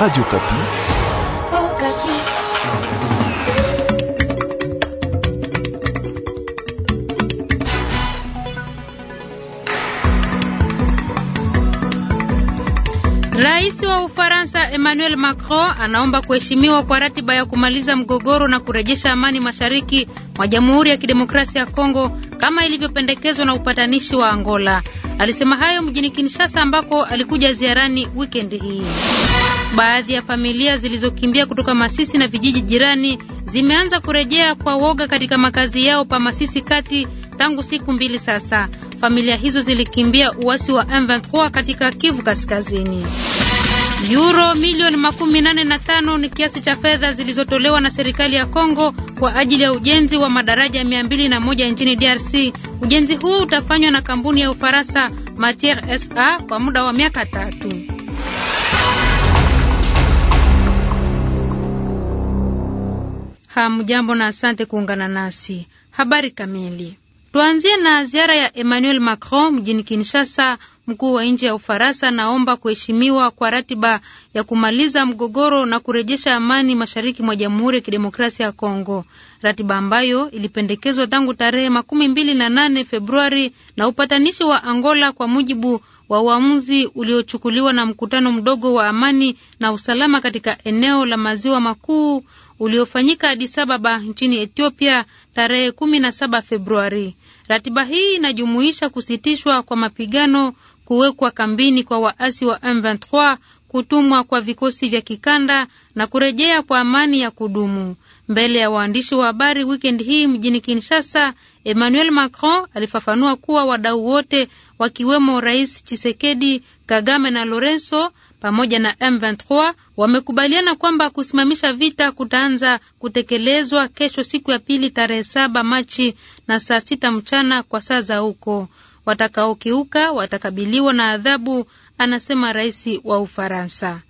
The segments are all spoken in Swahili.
Radio Kapi. Oh, Kapi. Rais wa Ufaransa Emmanuel Macron anaomba kuheshimiwa kwa ratiba ya kumaliza mgogoro na kurejesha amani mashariki mwa Jamhuri ya Kidemokrasia ya Kongo kama ilivyopendekezwa na upatanishi wa Angola. Alisema hayo mjini Kinshasa ambako alikuja ziarani wikendi hii. Baadhi ya familia zilizokimbia kutoka Masisi na vijiji jirani zimeanza kurejea kwa woga katika makazi yao pa Masisi kati tangu siku mbili sasa. Familia hizo zilikimbia uasi wa M23 katika Kivu Kaskazini. Euro milioni makumi nane na tano ni kiasi cha fedha zilizotolewa na serikali ya Kongo kwa ajili ya ujenzi wa madaraja mia mbili na moja nchini DRC. Ujenzi huu utafanywa na kampuni ya Ufaransa Matiere SA kwa muda wa miaka tatu. Hamjambo na asante kuungana nasi. Habari kamili. Tuanzie na ziara ya Emmanuel Macron mjini Kinshasa. Mkuu wa nchi ya Ufaransa anaomba kuheshimiwa kwa ratiba ya kumaliza mgogoro na kurejesha amani mashariki mwa Jamhuri ya Kidemokrasia ya Kongo, ratiba ambayo ilipendekezwa tangu tarehe makumi mbili na nane Februari na upatanishi wa Angola kwa mujibu wa uamuzi uliochukuliwa na mkutano mdogo wa amani na usalama katika eneo la maziwa makuu uliofanyika Addis Ababa nchini Ethiopia tarehe 17 Februari. Ratiba hii inajumuisha kusitishwa kwa mapigano, kuwekwa kambini kwa waasi wa M23, kutumwa kwa vikosi vya kikanda na kurejea kwa amani ya kudumu. Mbele ya waandishi wa habari wikendi hii mjini Kinshasa, Emmanuel Macron alifafanua kuwa wadau wote wakiwemo Rais chisekedi Kagame na Lorenzo pamoja na M23 wamekubaliana kwamba kusimamisha vita kutaanza kutekelezwa kesho siku ya pili tarehe saba Machi na saa sita mchana kwa saa za huko. Watakaokiuka watakabiliwa na adhabu, anasema rais wa Ufaransa.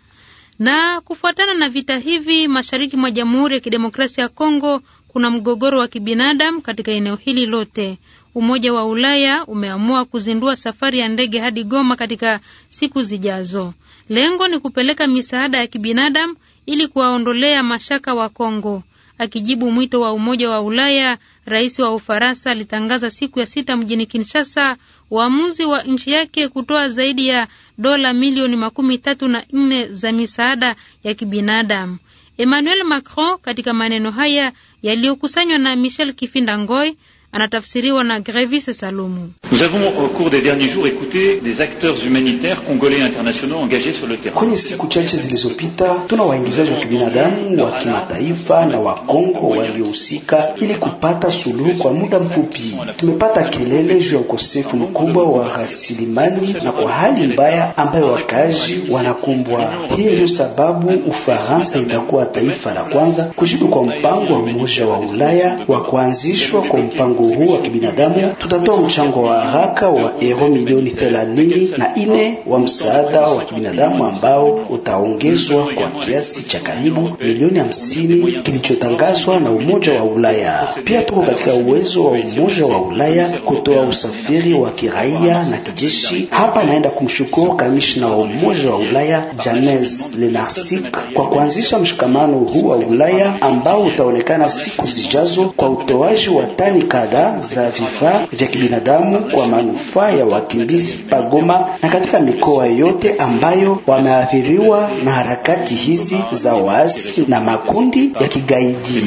Na kufuatana na vita hivi mashariki mwa Jamhuri ya Kidemokrasia ya Kongo kuna mgogoro wa kibinadamu katika eneo hili lote. Umoja wa Ulaya umeamua kuzindua safari ya ndege hadi Goma katika siku zijazo. Lengo ni kupeleka misaada ya kibinadamu ili kuwaondolea mashaka wa Kongo. Akijibu mwito wa Umoja wa Ulaya, rais wa Ufaransa alitangaza siku ya sita mjini Kinshasa uamuzi wa nchi yake kutoa zaidi ya dola milioni makumi tatu na nne za misaada ya kibinadamu. Emmanuel Macron katika maneno haya yaliyokusanywa na Michel Kifinda Ngoi anatafsiriwa na Grevis Salumu. Nous avons au cours des derniers jours écouté des acteurs humanitaires congolais internationaux engagés sur le terrain. Kwenye siku chache zilizopita, tuna waingizaji wa kibinadamu wa kimataifa na wa Kongo waliohusika ili kupata suluhu kwa muda mfupi. Tumepata kelele juu ya ukosefu mkubwa wa rasilimali na kwa hali mbaya ambayo wakazi wanakumbwa. Hii ndio sababu Ufaransa itakuwa taifa la kwanza kujibu kwa mpango wa Umoja wa Ulaya wa kuanzishwa kwa mpango mpango huu wa kibinadamu tutatoa mchango wa haraka wa euro milioni thelathini na ine wa msaada wa kibinadamu ambao utaongezwa kwa kiasi cha karibu milioni hamsini kilichotangazwa na Umoja wa Ulaya. Pia tuko katika uwezo wa Umoja wa Ulaya kutoa usafiri wa kiraia na kijeshi. Hapa naenda kumshukuru kamishna wa Umoja wa Ulaya James Lenarsik kwa kuanzisha mshikamano huu wa Ulaya ambao utaonekana siku zijazo kwa utoaji wa tani kadhaa kadhaa za vifaa vya kibinadamu kwa manufaa ya wakimbizi Pagoma na katika mikoa yote ambayo wameathiriwa na harakati hizi za waasi na makundi ya kigaidi.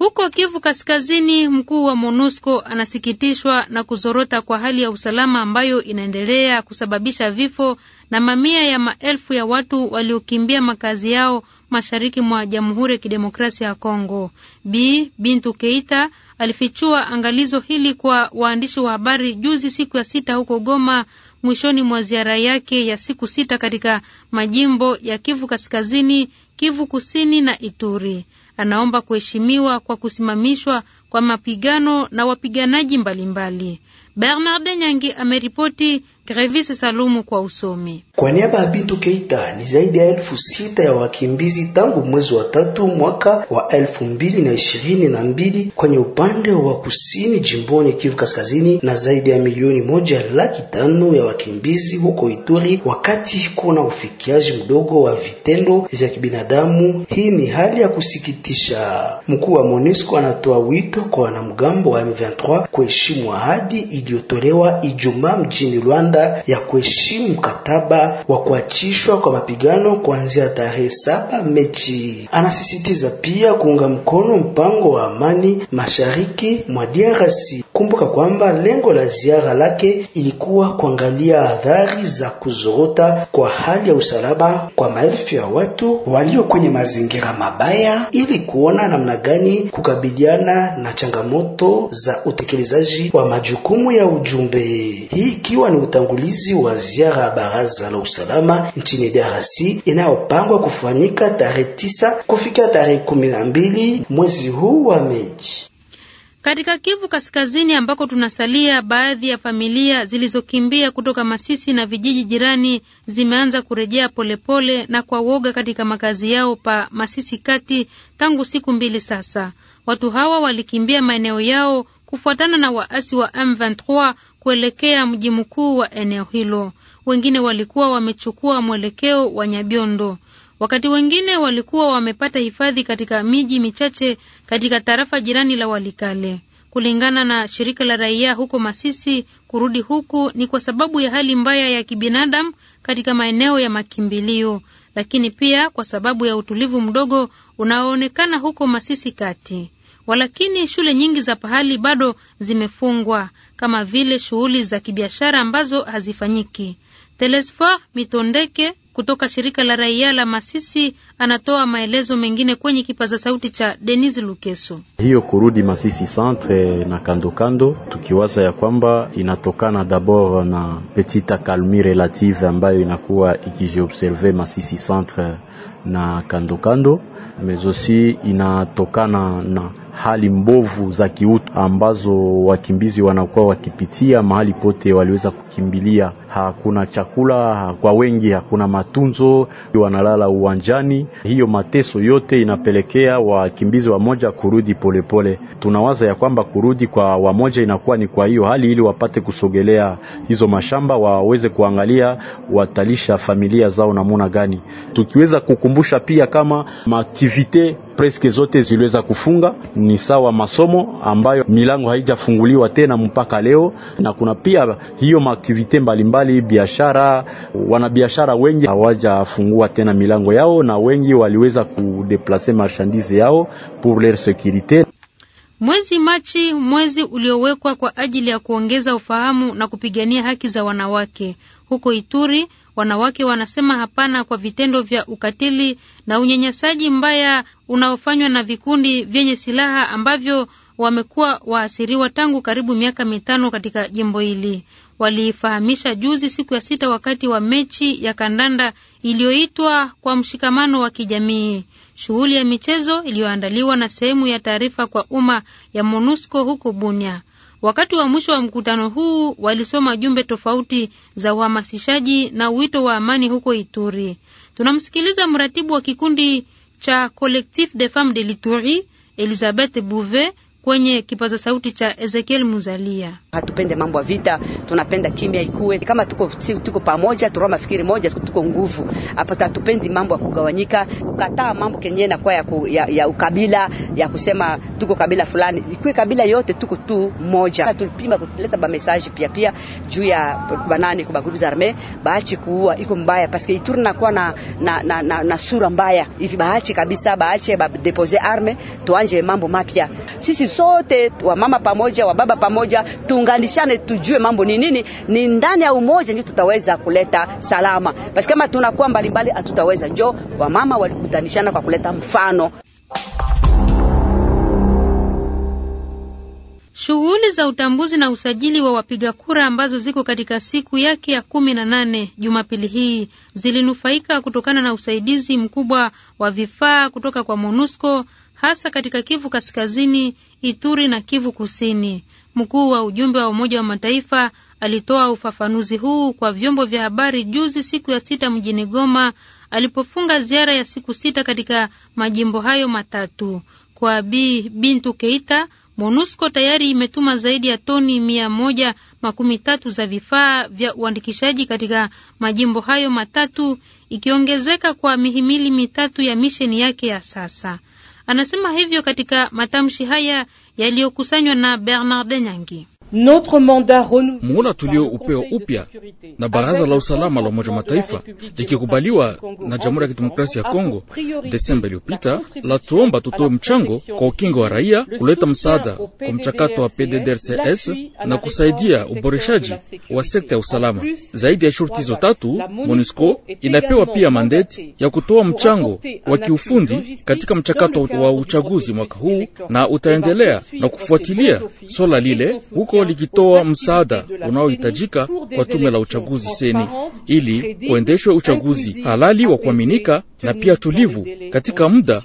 Huko Kivu Kaskazini, mkuu wa MONUSCO anasikitishwa na kuzorota kwa hali ya usalama ambayo inaendelea kusababisha vifo na mamia ya maelfu ya watu waliokimbia makazi yao mashariki mwa Jamhuri ya Kidemokrasia ya Kongo. Bi Bintu Keita alifichua angalizo hili kwa waandishi wa habari juzi siku ya sita huko Goma, mwishoni mwa ziara yake ya siku sita katika majimbo ya Kivu Kaskazini, Kivu Kusini na Ituri. Anaomba kuheshimiwa kwa kusimamishwa kwa mapigano na wapiganaji mbalimbali. Bernard Nyangi ameripoti Grevisi Salumu kwa usomi. Kwa niaba ya Bintu Keita, ni zaidi ya elfu sita ya wakimbizi tangu mwezi wa tatu mwaka wa elfu mbili na ishirini na mbili kwenye upande wa kusini jimboni Kivu Kaskazini, na zaidi ya milioni moja laki tano ya wakimbizi huko Ituri, wakati kuna ufikiaji mdogo wa vitendo vya kibinadamu. Hii ni hali ya kusikitisha. Mkuu wa MONUSCO anatoa wito kwa wanamgambo wa M23 kuheshimu ahadi iliyotolewa Ijumaa mjini Rwanda mamlaka ya kuheshimu mkataba wa kuachishwa kwa mapigano kuanzia tarehe saba Mechi. Anasisitiza pia kuunga mkono mpango wa amani mashariki mwa DRC. Kumbuka kwamba lengo la ziara lake ilikuwa kuangalia athari za kuzorota kwa hali ya usalama kwa maelfu ya watu walio kwenye mazingira mabaya ili kuona namna gani kukabiliana na changamoto za utekelezaji wa majukumu ya ujumbe. Hii ikiwa ni uta utangulizi wa ziara ya baraza la usalama nchini DRC inayopangwa kufanyika tarehe tisa kufika tarehe kumi na mbili mwezi huu wa Mechi. Katika Kivu Kaskazini ambako tunasalia, baadhi ya familia zilizokimbia kutoka Masisi na vijiji jirani zimeanza kurejea polepole na kwa woga katika makazi yao pa Masisi kati tangu siku mbili sasa. Watu hawa walikimbia maeneo yao kufuatana na waasi wa M23 kuelekea mji mkuu wa eneo hilo. Wengine walikuwa wamechukua mwelekeo wa Nyabiondo, wakati wengine walikuwa wamepata hifadhi katika miji michache katika tarafa jirani la Walikale. Kulingana na shirika la raia huko Masisi, kurudi huku ni kwa sababu ya hali mbaya ya kibinadamu katika maeneo ya makimbilio, lakini pia kwa sababu ya utulivu mdogo unaoonekana huko Masisi kati. Walakini shule nyingi za pahali bado zimefungwa kama vile shughuli za kibiashara ambazo hazifanyiki. Telesfor Mitondeke kutoka shirika la raia la Masisi anatoa maelezo mengine kwenye kipaza sauti cha Denis Lukeso. Hiyo kurudi Masisi centre na kando kando, tukiwaza ya kwamba inatokana d'abord na petite calmie relative ambayo inakuwa ikijiobserve Masisi centre na kando kando, mezosi inatokana na hali mbovu za kiutu ambazo wakimbizi wanakuwa wakipitia mahali pote waliweza kukimbilia. Hakuna chakula kwa wengi, hakuna matunzo, wanalala uwanjani hiyo mateso yote inapelekea wakimbizi wamoja kurudi polepole pole. Tunawaza ya kwamba kurudi kwa wamoja inakuwa ni kwa hiyo hali, ili wapate kusogelea hizo mashamba waweze kuangalia watalisha familia zao namuna gani, tukiweza kukumbusha pia kama maaktivite presque zote ziliweza kufunga, ni sawa masomo ambayo milango haijafunguliwa tena mpaka leo, na kuna pia hiyo maaktivite mbalimbali, biashara. Wanabiashara wengi hawajafungua tena milango yao, na wengi waliweza kudeplase marchandise yao pour leur securite. Mwezi Machi, mwezi uliowekwa kwa ajili ya kuongeza ufahamu na kupigania haki za wanawake. Huko Ituri, wanawake wanasema hapana kwa vitendo vya ukatili na unyanyasaji mbaya unaofanywa na vikundi vyenye silaha ambavyo wamekuwa waasiriwa tangu karibu miaka mitano katika jimbo hili. waliifahamisha juzi siku ya sita wakati wa mechi ya kandanda iliyoitwa kwa mshikamano wa kijamii. Shughuli ya michezo iliyoandaliwa na sehemu ya taarifa kwa umma ya MONUSCO huko Bunia. Wakati wa mwisho wa mkutano huu walisoma jumbe tofauti za uhamasishaji na wito wa amani huko Ituri. Tunamsikiliza mratibu wa kikundi cha Collectif des Femmes de l'Ituri Elizabeth Bouvet kwenye kipaza sauti cha Ezekiel Muzalia. Hatupende mambo ya vita, tunapenda kimya ikuwe. Kama tuko tuko pamoja, turoa mafikiri moja, tuko nguvu. Hapa hatupendi mambo ya kugawanyika, kukataa mambo kenye na kwa ya, ku, ya, ya ukabila, ya kusema tuko kabila fulani. Ikuwe kabila yote tuko tu moja. Tulipima kutuleta ba message pia pia juu ya banani kwa groupe arme, baachi kuua iko mbaya paske ituri na kwa na na, na, na, na sura mbaya. Hivi baachi kabisa, baache ba deposer arme, tuanje mambo mapya. Sisi sote wa mama pamoja, wa baba pamoja, tuunganishane, tujue mambo ni nini. Ni ndani ya umoja ndio tutaweza kuleta salama, basi kama tunakuwa mbalimbali hatutaweza. Njo wamama walikutanishana kwa kuleta mfano. Shughuli za utambuzi na usajili wa wapiga kura ambazo ziko katika siku yake ya kumi na nane Jumapili hii zilinufaika kutokana na usaidizi mkubwa wa vifaa kutoka kwa MONUSCO hasa katika Kivu Kaskazini, Ituri na Kivu Kusini. Mkuu wa ujumbe wa Umoja wa Mataifa alitoa ufafanuzi huu kwa vyombo vya habari juzi, siku ya sita mjini Goma, alipofunga ziara ya siku sita katika majimbo hayo matatu. Kwa Bi Bintu Keita, MONUSCO tayari imetuma zaidi ya toni mia moja makumi tatu za vifaa vya uandikishaji katika majimbo hayo matatu, ikiongezeka kwa mihimili mitatu ya misheni yake ya sasa. Anasema hivyo katika matamshi haya yaliyokusanywa na Bernard Nyangi. Muhula upeo upya na Baraza la Usalama la Umoja wa Mataifa likikubaliwa na Jamhuri ya Kidemokrasia ya Kongo Desemba iliyopita, la tuomba tutoe mchango kwa ukingo wa raia, kuleta msaada kwa mchakato wa PDDRCS na kusaidia uboreshaji wa sekta ya usalama. Zaidi ya shurti hizo tatu, MONUSCO inapewa pia mandeti ya kutoa mchango wa kiufundi katika mchakato wa uchaguzi mwaka huu, na utaendelea na kufuatilia swala lile huko likitoa msaada unaohitajika kwa tume la uchaguzi seni ili kuendeshwe uchaguzi halali wa kuaminika na pia tulivu katika muda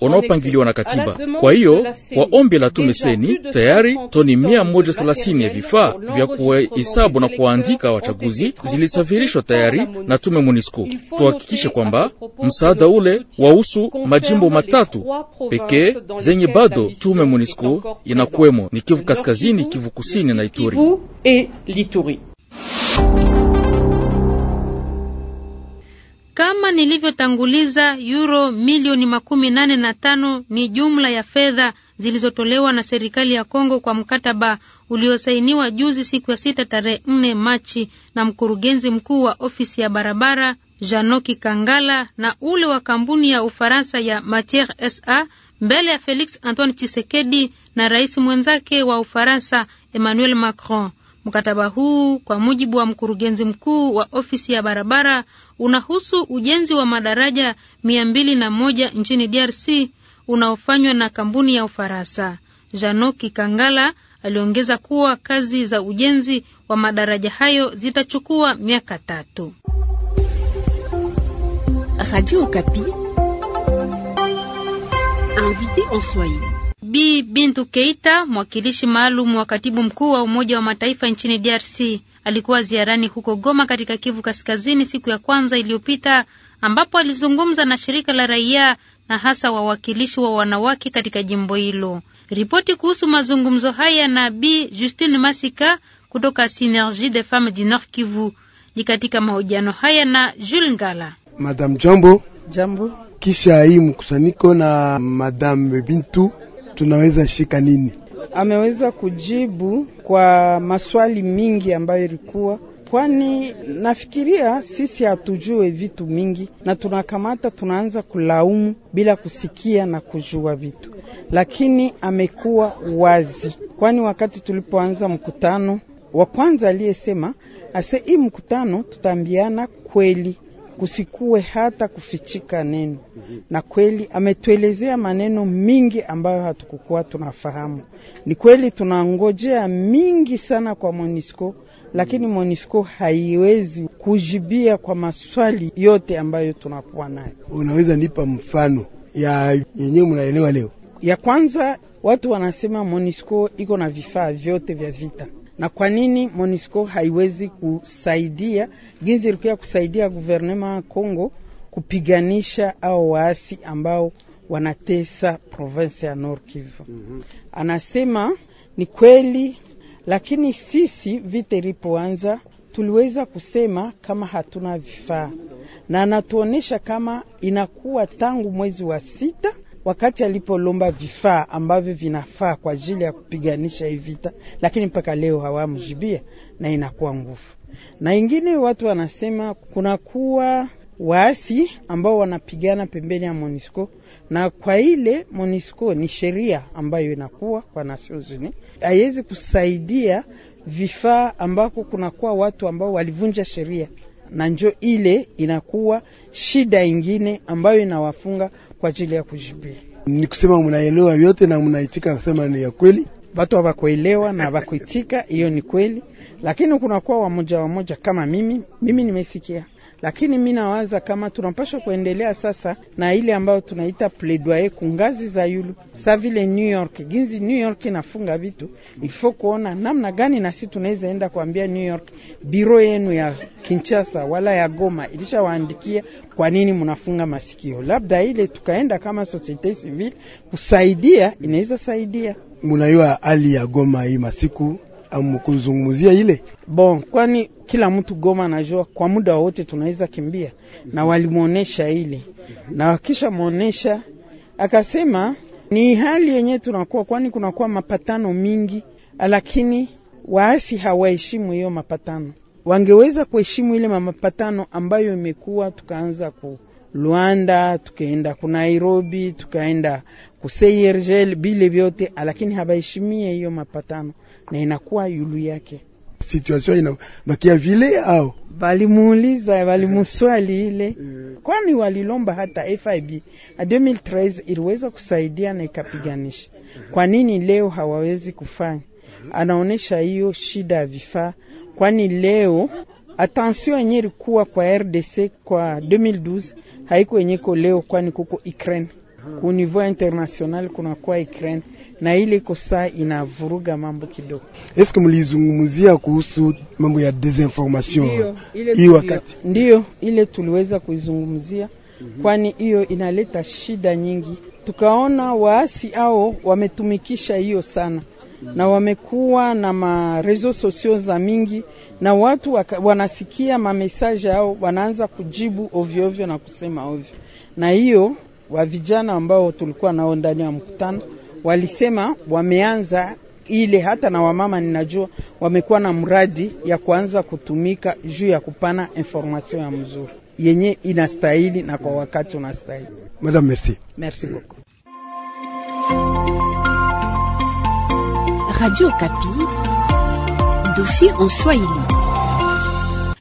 unaopangiliwa na katiba. Kwa hiyo kwa ombi la tume seni tayari toni mia moja thelathini ya vifaa vya kuhesabu na kuandika wachaguzi zilisafirishwa tayari na tume MONUSCO. Tuhakikishe kwamba msaada ule wahusu majimbo matatu pekee zenye bado tume MONUSCO inakwemo ni Kivu Kaskazini, Kivu Kusini na Ituri. Kama nilivyotanguliza, euro milioni makumi nane na tano ni jumla ya fedha zilizotolewa na serikali ya Kongo kwa mkataba uliosainiwa juzi siku ya sita tarehe nne Machi na mkurugenzi mkuu wa ofisi ya barabara Janoki Kangala na ule wa kampuni ya Ufaransa ya Matiere SA mbele ya Felix Antoine Tshisekedi na rais mwenzake wa Ufaransa Emmanuel Macron. Mkataba huu kwa mujibu wa mkurugenzi mkuu wa ofisi ya barabara unahusu ujenzi wa madaraja mia mbili na moja nchini DRC unaofanywa na kampuni ya Ufaransa. Jano Kikangala aliongeza kuwa kazi za ujenzi wa madaraja hayo zitachukua miaka tatu. Radio Kapi, invité en Swahili b Bintu Keita, mwakilishi maalum wa katibu mkuu wa Umoja wa Mataifa nchini DRC, alikuwa ziarani huko Goma katika Kivu Kaskazini siku ya kwanza iliyopita, ambapo alizungumza na shirika la raia na hasa wawakilishi wa wanawake katika jimbo hilo. Ripoti kuhusu mazungumzo haya na b Justine Masika kutoka Synergie des Femmes du Nord Kivu ni katika mahojiano haya na Jules Ngala. Madam Jambo. Jambo. Kisha hii mkusanyiko na Madam Bintu tunaweza shika nini? Ameweza kujibu kwa maswali mingi ambayo ilikuwa kwani nafikiria sisi hatujue vitu mingi, na tunakamata tunaanza kulaumu bila kusikia na kujua vitu, lakini amekuwa wazi, kwani wakati tulipoanza mkutano wa kwanza aliyesema ase hii mkutano tutaambiana kweli kusikuwe hata kufichika neno. Na kweli ametuelezea maneno mingi ambayo hatukukuwa tunafahamu. Ni kweli tunangojea mingi sana kwa Monisco, lakini Monisco haiwezi kujibia kwa maswali yote ambayo tunakuwa nayo. Unaweza nipa mfano ya yenyewe mnaelewa leo? Ya kwanza watu wanasema Monisco iko na vifaa vyote vya vita na kwa nini Monisco haiwezi kusaidia ginzi ilikuwa kusaidia guvernema ya Kongo kupiganisha au waasi ambao wanatesa province ya Nord Kivu. mm -hmm. Anasema ni kweli, lakini sisi vita ilipoanza tuliweza kusema kama hatuna vifaa, na anatuonesha kama inakuwa tangu mwezi wa sita wakati alipolomba vifaa ambavyo vinafaa kwa ajili ya kupiganisha hii vita, lakini mpaka leo hawamjibia na inakuwa nguvu. Na ingine watu wanasema kunakuwa waasi ambao wanapigana pembeni ya Monisco na kwa ile Monisco ni sheria ambayo inakuwa kwa Nations Unies haiwezi kusaidia vifaa ambako kunakuwa watu ambao walivunja sheria, na njo ile inakuwa shida ingine ambayo inawafunga kwa ajili ya kujibia. Ni kusema mnaelewa yote na mnaitika, kusema ni ya kweli. Watu hawakuelewa na hawakuitika, hiyo ni kweli, lakini kunakuwa wamoja wamoja kama mimi. Mimi nimesikia lakini mi nawaza kama tunapashwa kuendelea sasa na ile ambayo tunaita ku ngazi za yulu sa vile New York ginzi New York inafunga vitu, ifo kuona namna gani nasi tunaweza enda kuambia New York, biro yenu ya Kinshasa wala ya Goma ilishawaandikia kwa nini mnafunga masikio. Labda ile tukaenda kama societe civile kusaidia, inaweza saidia. Munajua hali ya Goma hii masiku amkuzungumzia ile bon, kwani kila mtu Goma anajua kwa muda wote tunaweza kimbia, na walimwonesha ile, na wakisha mwonesha akasema ni hali yenye tunakuwa, kwani kunakuwa mapatano mingi, lakini waasi hawaheshimu hiyo mapatano. Wangeweza kuheshimu ile mapatano ambayo imekuwa, tukaanza ku Luanda tukaenda ku Nairobi tukaenda ku CIRGL bile vyote, lakini habaheshimie hiyo mapatano na inakuwa yulu yake situation inabakia vile au walimuuliza walimuswali eh. ile, kwani walilomba hata FIB a 2013 iliweza kusaidia na ikapiganisha. Kwa nini leo hawawezi kufanya? Anaonesha hiyo shida ya vifaa, kwani leo attention yenye ilikuwa kwa RDC kwa 2012 haiko yenyeko leo, kwani kuko Ukraine ku niveau international kunakuwa Ukraine na ile kosa inavuruga mambo kidogo. Eske mlizungumzia kuhusu mambo ya desinformation hii wakati? Ndiyo, ile tuliweza kuizungumzia mm -hmm. Kwani hiyo inaleta shida nyingi, tukaona waasi ao wametumikisha hiyo sana mhm. na wamekuwa na marezo sosio za mingi na watu waka, wanasikia mamesaje yao wanaanza kujibu ovyo ovyo na kusema ovyo, na hiyo wa vijana ambao tulikuwa nao ndani ya mkutano walisema wameanza ile hata na wamama ninajua wamekuwa na mradi ya kuanza kutumika juu ya kupana information ya mzuri yenye inastahili na kwa wakati unastahili. Madam, merci. Merci beaucoup. Radio Kapi, dossier en Swahili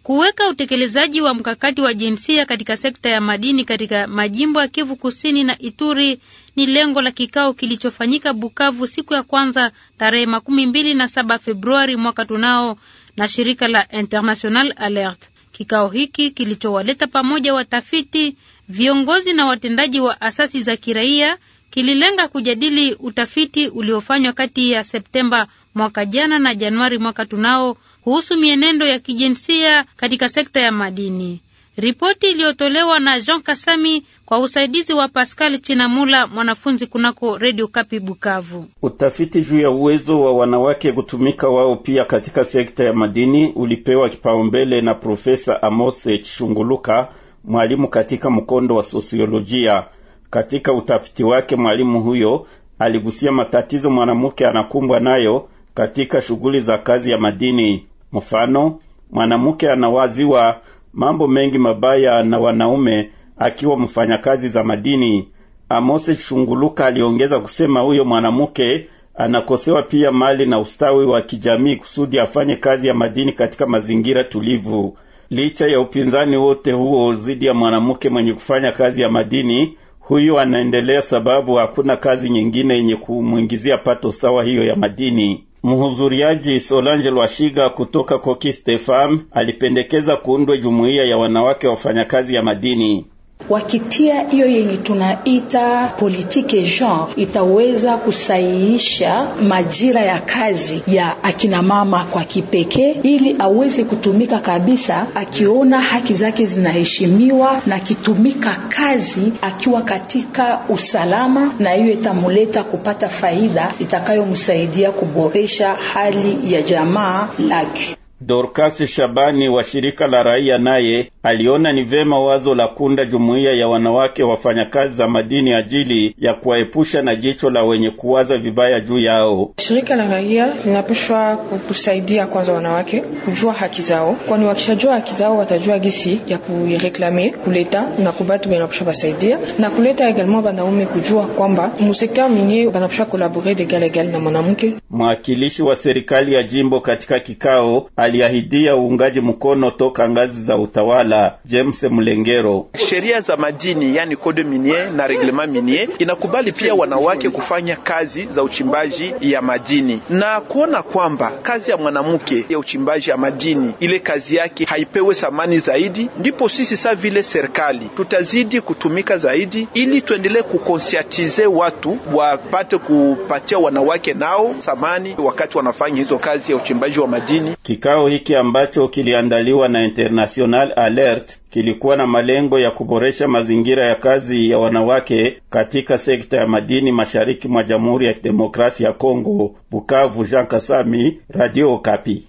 kuweka utekelezaji wa mkakati wa jinsia katika sekta ya madini katika majimbo ya Kivu Kusini na Ituri ni lengo la kikao kilichofanyika Bukavu siku ya kwanza tarehe makumi mbili na saba Februari mwaka tunao na shirika la International Alert. Kikao hiki kilichowaleta pamoja watafiti, viongozi na watendaji wa asasi za kiraia kililenga kujadili utafiti uliofanywa kati ya Septemba mwaka jana na Januari mwaka tunao kuhusu mienendo ya kijinsia katika sekta ya madini. Ripoti iliyotolewa na Jean Kasami kwa usaidizi wa Pascal Chinamula mwanafunzi kunako Radio Kapi Bukavu. Utafiti juu ya uwezo wa wanawake kutumika wao pia katika sekta ya madini ulipewa kipaumbele na Profesa Amose Chunguluka, mwalimu katika mkondo wa sosiolojia. Katika utafiti wake, mwalimu huyo aligusia matatizo mwanamke anakumbwa nayo katika shughuli za kazi ya madini. Mfano, mwanamke anawaziwa mambo mengi mabaya na wanaume akiwa mfanyakazi za madini. Amose Shunguluka aliongeza kusema huyo mwanamke anakosewa pia mali na ustawi wa kijamii kusudi afanye kazi ya madini katika mazingira tulivu. Licha ya upinzani wote huo dhidi ya mwanamke mwenye kufanya kazi ya madini, Huyu anaendelea sababu hakuna kazi nyingine yenye kumwingizia pato sawa hiyo ya madini. Mhudhuriaji Solange Lwashiga kutoka Kokistefam alipendekeza kuundwe jumuiya ya wanawake wafanyakazi ya madini wakitia hiyo yenye tunaita politike genre, itaweza kusaiisha majira ya kazi ya akinamama kwa kipekee, ili aweze kutumika kabisa, akiona haki zake zinaheshimiwa na akitumika kazi akiwa katika usalama, na hiyo itamuleta kupata faida itakayomsaidia kuboresha hali ya jamaa lake. Dorcas Shabani wa shirika la raia naye aliona ni vema wazo la kunda jumuiya ya wanawake wafanyakazi za madini ajili ya kuwaepusha na jicho la wenye kuwaza vibaya juu yao. Shirika la raia linapaswa kusaidia kwanza wanawake kujua haki zao, kwani wakishajua haki zao watajua gisi ya kuireklame kuleta na kubatu banapasha basaidia na kuleta egalema banaume kujua kwamba musekta minye banapasha kolabore gal egal na mwanamke. Mwakilishi wa serikali ya jimbo katika kikao aliahidia uungaji mkono toka ngazi za utawala la James Mlengero. Sheria za madini yani code minier na reglement minier inakubali pia wanawake kufanya kazi za uchimbaji ya madini na kuona kwamba kazi ya mwanamke ya uchimbaji ya madini ile kazi yake haipewe thamani zaidi, ndipo sisi saa vile serikali tutazidi kutumika zaidi, ili tuendelee kukonsiatize watu wapate kupatia wanawake nao thamani wakati wanafanya hizo kazi ya uchimbaji wa madini. Kikao hiki ambacho kiliandaliwa na International Ale CERT kilikuwa na malengo ya kuboresha mazingira ya kazi ya wanawake katika sekta ya madini mashariki mwa Jamhuri ya Demokrasia ya Kongo. Bukavu, Jean Kasami, Radio Kapi.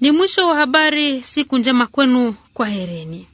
Ni mwisho wa habari. Siku njema kwenu, kwa hereni.